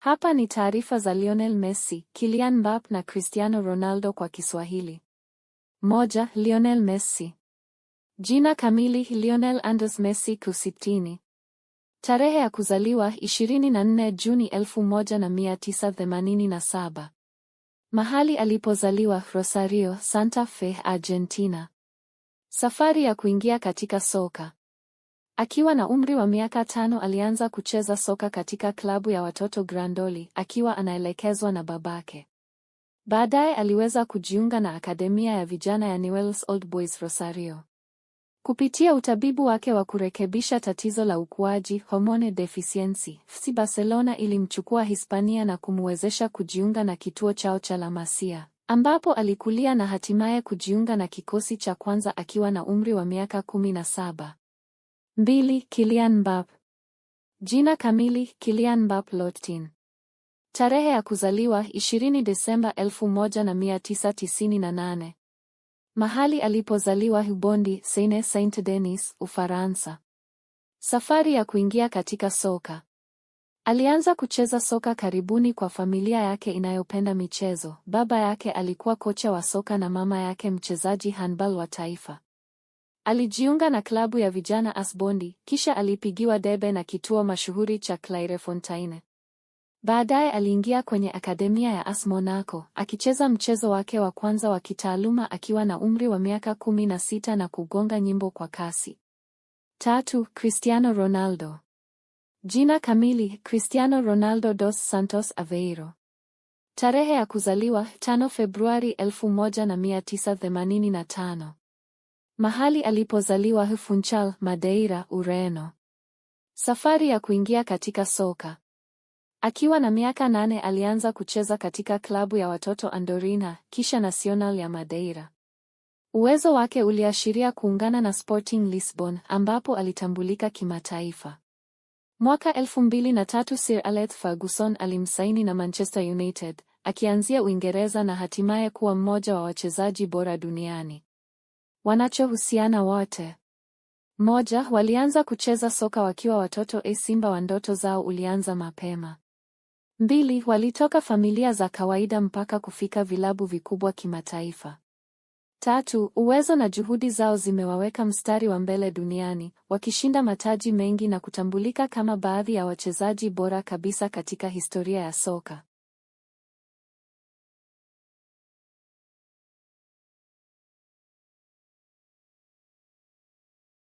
Hapa ni taarifa za Lionel Messi, Kylian Mbappe na Cristiano Ronaldo kwa Kiswahili. Moja, Lionel Messi. Jina kamili Lionel Andres Messi Kusitini. Tarehe ya kuzaliwa 24 Juni 1987. Mahali alipozaliwa Rosario, Santa Fe, Argentina. Safari ya kuingia katika soka. Akiwa na umri wa miaka tano alianza kucheza soka katika klabu ya watoto Grandoli akiwa anaelekezwa na babake. Baadaye aliweza kujiunga na akademia ya vijana ya Newell's Old Boys Rosario. Kupitia utabibu wake wa kurekebisha tatizo la ukuaji hormone deficiency, FC Barcelona ilimchukua Hispania na kumwezesha kujiunga na kituo chao cha La Masia, ambapo alikulia na hatimaye kujiunga na kikosi cha kwanza akiwa na umri wa miaka 17 mbili Kylian Mbappe. Jina kamili Kylian Mbappe Lottin. Tarehe ya kuzaliwa 20 Desemba 1998. Mahali alipozaliwa Hubondi, Seine Saint Denis, Ufaransa. Safari ya kuingia katika soka. Alianza kucheza soka karibuni kwa familia yake inayopenda michezo. Baba yake alikuwa kocha wa soka na mama yake mchezaji handball wa taifa. Alijiunga na klabu ya vijana Asbondi, kisha alipigiwa debe na kituo mashuhuri cha Clairefontaine. Baadaye aliingia kwenye akademia ya AS Monaco, akicheza mchezo wake wa kwanza wa kitaaluma akiwa na umri wa miaka kumi na sita na kugonga nyimbo kwa kasi. Tatu, Cristiano Ronaldo. Jina kamili Cristiano Ronaldo dos Santos Aveiro. Tarehe ya kuzaliwa 5 Februari 1985. Mahali alipozaliwa Funchal, Madeira, Ureno. Safari ya kuingia katika soka. Akiwa na miaka nane alianza kucheza katika klabu ya watoto Andorina, kisha Nacional ya Madeira. Uwezo wake uliashiria kuungana na Sporting Lisbon ambapo alitambulika kimataifa. Mwaka 2003 Sir Alex Ferguson alimsaini na Manchester United, akianzia Uingereza na hatimaye kuwa mmoja wa wachezaji bora duniani wanachohusiana wote. Moja, walianza kucheza soka wakiwa watoto e, Simba wa ndoto zao ulianza mapema. Mbili, walitoka familia za kawaida mpaka kufika vilabu vikubwa kimataifa. Tatu, uwezo na juhudi zao zimewaweka mstari wa mbele duniani, wakishinda mataji mengi na kutambulika kama baadhi ya wachezaji bora kabisa katika historia ya soka.